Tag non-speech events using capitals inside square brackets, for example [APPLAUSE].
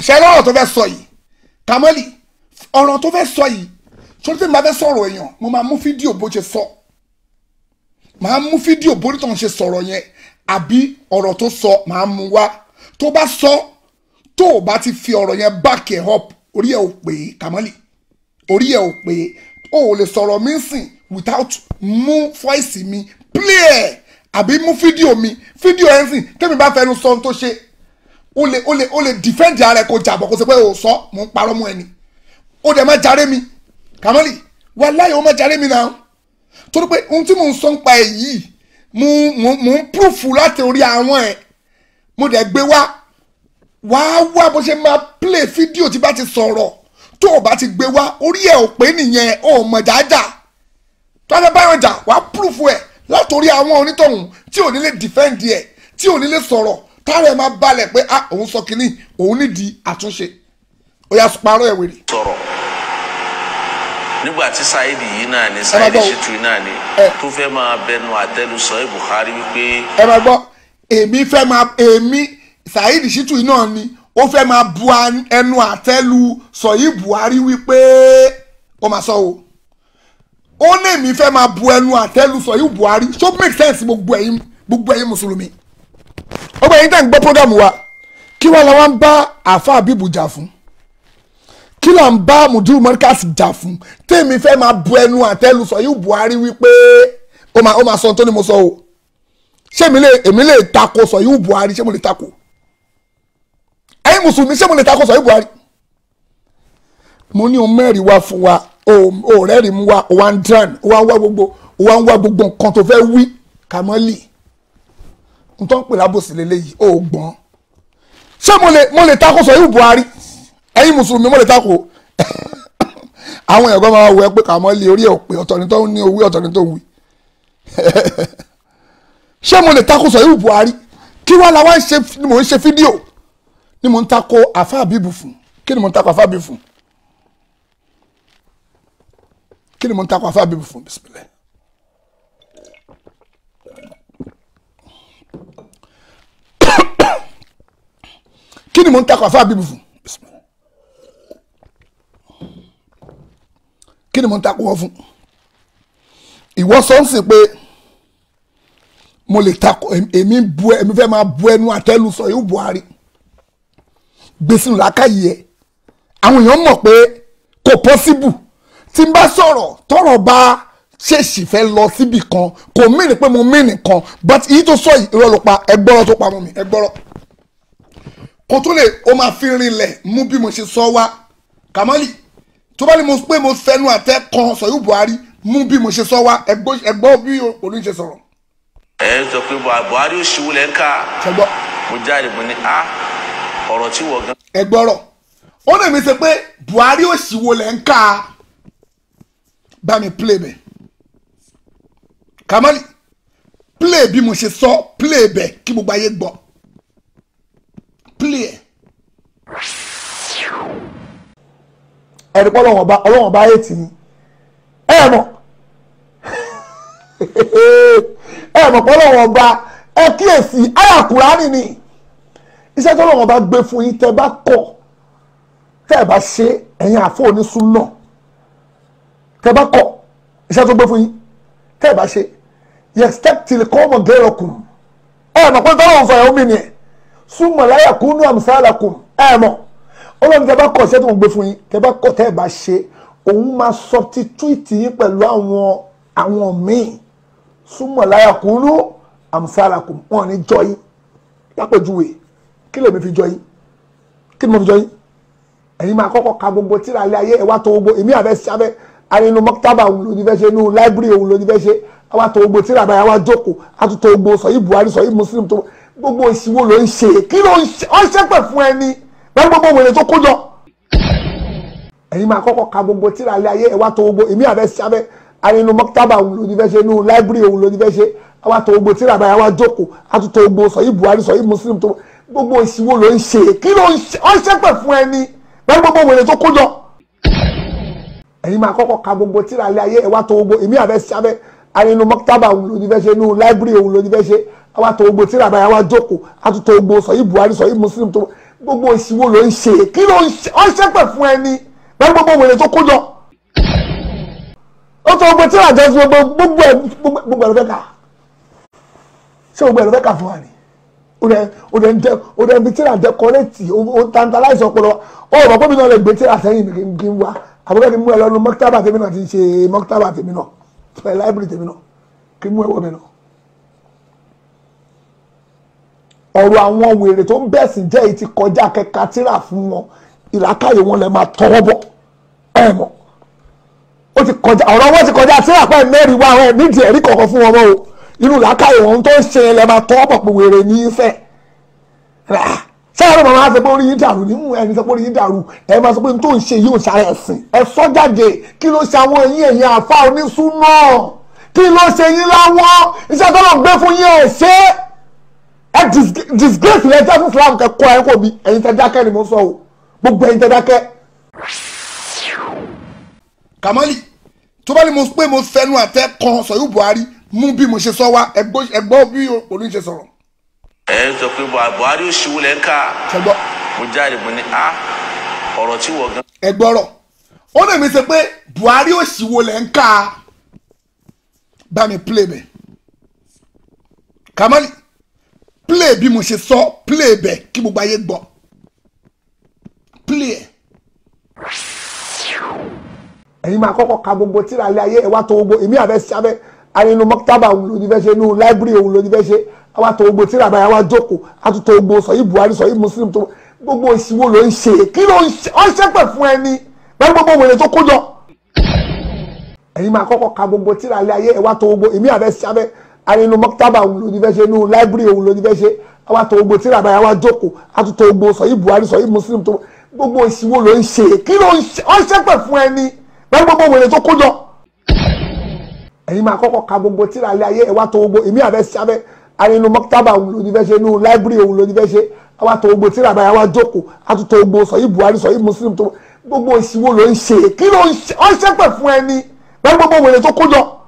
ṣẹlẹ ọ̀rọ̀ tó fẹ́ sọ yìí kamali ọ̀rọ̀ tó fẹ́ sọ yìí sórí tí mo bá fẹ́ sọ̀rọ̀ èèyàn mo máa mú fídíò bó ṣe sọ máa mú fídíò bó tàn ṣe sọ̀rọ̀ yẹn àbí ọ̀rọ̀ tó sọ máa mú wá tó bá sọ tó o bá ti fi ọ̀rọ̀ yẹn back ẹ̀ up orí ẹ̀ ò pé kamali orí ẹ̀ ò pé o ò lè sọ̀rọ̀ mi sìn without mú fọ́ìsì mi play ẹ̀ àbí mú fídíò mi fídíò ẹ̀ sìn tẹ́mi bá fẹnu sọ ohun tó ṣe o lè o lè o lè defend ya ẹ kò jàbọ̀ kò sọ pé o sọ mò ń parọ́ mọ́ ẹni o dẹ̀ má jaré mi kàmọ́lì wàláyé o má jaré mi náà torí pé ohun tí mò ń sọ ń pa ẹ̀ yìí mo mo mo ń proof láti orí àwọn ẹ̀ mo dẹ̀ gbé wá wàá wá bó ṣe máa play fídíò tí bá ti sọ̀rọ̀ tó o bá ti gbé wá orí ẹ̀ ò pé nìyẹn o mọ̀ jájà tó a fẹ́ báyọ̀ jà wàá proof ẹ̀ látòrí àwọn onítọ̀hún tí ò ní lè defend ẹ̀ tí ò ní lè sọ̀rọ̀ táwọn ẹ̀ máa balẹ̀ pé ah òun sọ kínní òun nídìí àtúnṣe ó yà parọ́ ẹ̀ wèrè. sọ̀rọ̀ nígbà tí Saidi yìí náà ni Saidi Shittu yìí náà ni tó fẹ́ máa bẹnu àtẹ́lu sọ ẹ́ Buhari wípé. ẹ máa gbọ́ èmi fẹ́ máa èmi Saidi Shittu yìí náà ni ó fẹ́ máa bu ẹnu àtẹ́lu sọ yìí Buhari wípé ó máa sọ o ó ní èmi fẹ́ máa bu ẹnu àtẹ́lu sọ yìí Buhari ṣó make sense gbogbo ẹ̀yin gbogbo ẹ̀yin mùsùlùmí ọgbà yìí tẹ̀ ń gbọ́ program wa kí wàá la wá ń bá àfa àbíbù jà fún kí là ń bá mudu markaz jà fún tèmi fẹ́ máa bu ẹnu àtẹ́lu sọ yìí buhari wípé ó máa ó máa sọ tó ní mo sọ o ṣé èmi lè èmi sọ yìí buhari ṣé mo lè tako ẹ̀yin mùsùlùmí ṣé mo lè tako sọ yìí buhari mo ní o mẹ́rin wá fún wa o rẹ́rìn mú wa o wá ń dran o wá ń wá gbogbo o wá ń wá gbogbo nǹkan tó fẹ́ wí kàmọ́lì n tó ń pè lábòsí lélẹ́yìí ó gbọ́n ṣé mo lè mo lè takò sọ yìí Buhari ẹ̀yin mùsùlùmí mo lè takò àwọn èèyàn kan máa wọ ẹ pé kàmọ́ lé orí ẹ̀ òpè ọ̀tọ̀ ni tó ń ní owó ọ̀tọ̀ ni tó ń wí ṣé mo lè takò sọ yìí Buhari kí wàá la wá ni mò ń ṣe fídíò ni mò ń takò àfáàbíbù fún kí ni mò ń takò àfáàbíbù fún kí ni mò ń takò àfáàbíbù fún bisimilẹ kí ni mò ń takò àfáà bíbí fún kí ni mò ń takò wọn fún ìwọ sọ ń sìn pé mo lè takò èmi bu èmi fẹ́ máa bu ẹnu àtẹ́lu sọ yóò Buhari gbèsè làákàyè ẹ àwọn èèyàn mọ̀ pé kò pọ́síbù tí n bá sọ̀rọ̀ tọ̀rọ̀ bá ṣèṣì fẹ́ lọ síbì kan kò mí ni pé mo mí nìkan but èyí tó sọ yìí irọ́ pa ẹgbọ́rọ̀ tó pa mọ́ mi ẹgbọ́rọ̀ kó tó lè o máa fi rinlẹ̀ mú bí mo ṣe sọ wá Kamali tó bá ní mo pé mo fẹnu àtẹ kan sọyún Buhari mú bí mo ṣe sọ wá ẹgbọ́ bí olóyún ṣe sọ̀rọ̀. ẹ ń sọ pé Buhari ò ṣubú lẹ́ ń ká mo jáde mo ní a ah, ọ̀rọ̀ tí wọ́n gan. ẹ gbọ́rọ̀ ó lè mi ṣe pé Buhari ò ṣìwò lẹ́ ń ká bá mi play bẹ́ẹ̀ Kamali play bí mo ṣe sọ play bẹ́ẹ̀ kí gbogbo ayé gbọ́ play ẹ̀rí pọ́ ọlọ́wọ́n ọba ọlọ́wọ́n ọba ayé tì mí ẹ ẹ̀ mọ̀ [LAUGHS] ẹ ẹ̀ mọ̀ pọ́ ọlọ́wọ́n ọba ẹ kíyèsí àyà Kùránì ni iṣẹ́ tó ọlọ́wọ́n ọba gbé fún yín tẹ́ bá kọ̀ tẹ́ ẹ bá ṣe ẹ̀yin àfọ̀ onísùn náà tẹ́ bá kọ̀ iṣẹ́ tó gbé fún yín tẹ́ ẹ bá ṣe yẹ step till kọ́ ọmọ gẹ́rọ̀kùn ẹ ẹ̀ mọ̀ pé tọ́lọ́wọ́n fọ ẹ̀ ó mìíràn súnmọ̀ láyà kúnú àmúsálàkùn ẹ̀ mọ̀ ọlọ́run tẹ bá kọ̀ ṣẹ́ tó ń gbé fún yín tẹ bá kọ̀ tẹ́ ẹ̀ bá ṣe òun máa substitute yín pẹ̀lú àwọn àwọn míì súnmọ̀ láyà kúnú àmúsálàkùn wọn ní jọ yín lápèjúwe kí lèmi fi jọ yín kí ni mo fi jọ yín ẹ̀yin máa kọ́kọ́ ka gbogbo tíra alẹ́ ayé ẹ̀ wá tó gbogbo èmi àfẹ́ sábẹ́ arinu mọ́kítàbà òun ló ní fẹ́ ṣe inú láìbírì òun ló ní fẹ́ ṣe wá tó gbogbo tíra àbáyá wá jókòó àtúntò gbogbo sọ yìí Buhari sọ yìí Muslim tó gbogbo gbogbo ìṣìwò ló ń ṣe kí ló ń ṣe ọ́n ṣẹ́pẹ̀ fún ẹni pẹ̀lú gbogbo wèrè tó kójọ. ẹ̀yin máa kọ́kọ́ ka gbogbo tíra ilé ayé ẹ̀ wá tó gbogbo èmi àfẹ́ sábẹ́ arinu mọ́kítàbà òun ló ti fẹ́ ṣe inú láìbírì òun ló ti fẹ́ ṣe àwa tó gbogbo tíra àbáyá wa jókòó àtúntò gbogbo sọ yìí Buhari sọ yìí Muslim tó gbogbo ìṣìwò ló ń ṣe kí ló ń ṣe ọ́n ṣẹ́pẹ̀ fún ẹni pẹ̀lú gbogbo wèrè tó kójọ. ẹ̀yin máa kọ́kọ́ ka gbogbo tíra ilé ayé ẹ̀ wá tó gbogbo èmi àfẹ́ sábẹ́ arinu mọ́kítàbà òun ló ti fẹ́ ṣe inú láìbírì òun ló ti fẹ́ ṣe àwa tó gbogbo tíra àbáyá wa jókòó àtúntò gbogbo sọyí Buhari sọyí Muslim tó gbogbo ìṣìwò ló ń ṣe kí ló ń ṣe ọ́n ṣẹ́pẹ̀ fún ẹni pẹ̀lú gbogbo wèrè tó kójọ. ó tó gbogbo tíra jẹ́ gbogbo gbogbo gbogbo ẹ̀rọ fẹ́ kà ṣé gbogbo ẹ̀rọ fẹ́ kà fún wa ni o dẹ̀ ń bi o tantalize ọpọlọ ọ bọ̀ pé mi náà lè gbé tíra sẹ́yìn kí n wá àbúrò kí n mú ẹ lọ́nu mọ́kítàbà náà ti ń ṣe mọ́kítàbà tèmi kí n mú ọ̀rọ̀ àwọn wèrè tó ń bẹ̀sìn jẹ́ èyí tí kọjá kẹka tíra fún wọn ìlàkàyè wọn lè máa tọwọ́ bọ̀ ẹ̀ mọ̀ ó ti kọjá ọ̀rọ̀ wọn ti kọjá tíra pẹ́ mẹ́rin wá ẹ̀ nídìí ẹ̀rí kọ̀ọ̀kan fún wọn mọ́ o inú ìlàkàyè wọn tó ń ṣe lè máa tọwọ́ bọ̀ pé wèrè ní í fẹ́ sẹ́yìn màmá sọ pé orí yín dàrú ní mú ẹni sọ pé orí yín dàrú ẹ máa sọ pé tó ń ṣe yóò ṣàrẹ̀ ẹ̀sìn ẹ sọ jáde kí ló ṣe àwọn yín ẹ̀yìn àfa onísùn náà kí ló ṣe yín láwọ́ iṣẹ́ tó lọ gbé fún yín ẹ̀ ṣe é ẹ disgrace lẹ jẹ́ fún Islam kẹ́kọ́ ẹ kò bí ẹ̀yin tẹ́ dákẹ́ ni mo sọ o gbogbo ẹ̀yin tẹ́ dákẹ́. Kamali tó bá ní mo pé mo fẹnu àtẹ kan sọyún Buhari mú bí mo ṣe sọ wa ẹgbọ́ bí olú ṣe sọ̀rọ̀. ẹ ń sọ pé Buhari ò ṣubú lẹ́ ń ká mo jáde mo ní a ah, ọ̀rọ̀ tí wọ̀ gan. ẹ gbọ́rọ̀ ó lè mi ṣe pé Buhari ò ṣìwò lẹ́ ń ká bá mi play bẹ́ẹ̀ Kamali play bí mo ṣe sọ play bẹ̀ kí gbogbo ayé gbọ́ play ẹ̀. ẹ̀yin máa kọ́kọ́ ka gbogbo tíra ilé ayé ẹ̀ wá tó gbogbo èmi àfẹ́ sábẹ́ arinu mọ́kítábà òun ló ní fẹ́ ṣe inú láìbírì òun ló ní fẹ́ ṣe àwa tó gbogbo tíra àbáyá wa jókòó àtúntò gbogbo sọ̀yí Buhari sọ̀yí Muslim tó gbogbo ìṣìwò ló ń ṣe kí ló ń ṣẹ́pẹ̀ fún ẹni pẹ̀lú gbogbo wèrè tó kójọ. ẹ̀yin máa kọ́kọ́ ka gbogbo tíra ilé ayé ẹ̀ wá tó gbogbo èmi àfẹ́ sábẹ́ arinu mọ́kítàbà òun ló ní fẹ́ ṣe inú láìbírì òun ló ní fẹ́ ṣe àwa tó gbogbo tíra báyà wá jókòó àtúntò gbogbo sọ̀yí Buhari sọ̀yí Muslim tó gbogbo ìṣìwò ló ń ṣe kí ló ń ṣẹ́pẹ̀ fún ẹni pẹ̀lú gbogbo wèrè tó kó jọ. ẹ̀yin máa kọ́kọ́ ka gbogbo tíra alẹ́ ayé ẹ̀ wá tó gbogbo èmi àfẹ́ sábẹ́ arinu mọ́kítàbà òun ló ní fẹ́ ṣe inú láìbírì òun ló ní fẹ́ ṣe àwa tó gbogbo tíra báyà wá jókòó àtúntò gbogbo sọ̀yí Buhari sọ̀yí Muslim tó gbogbo ìṣìwò ló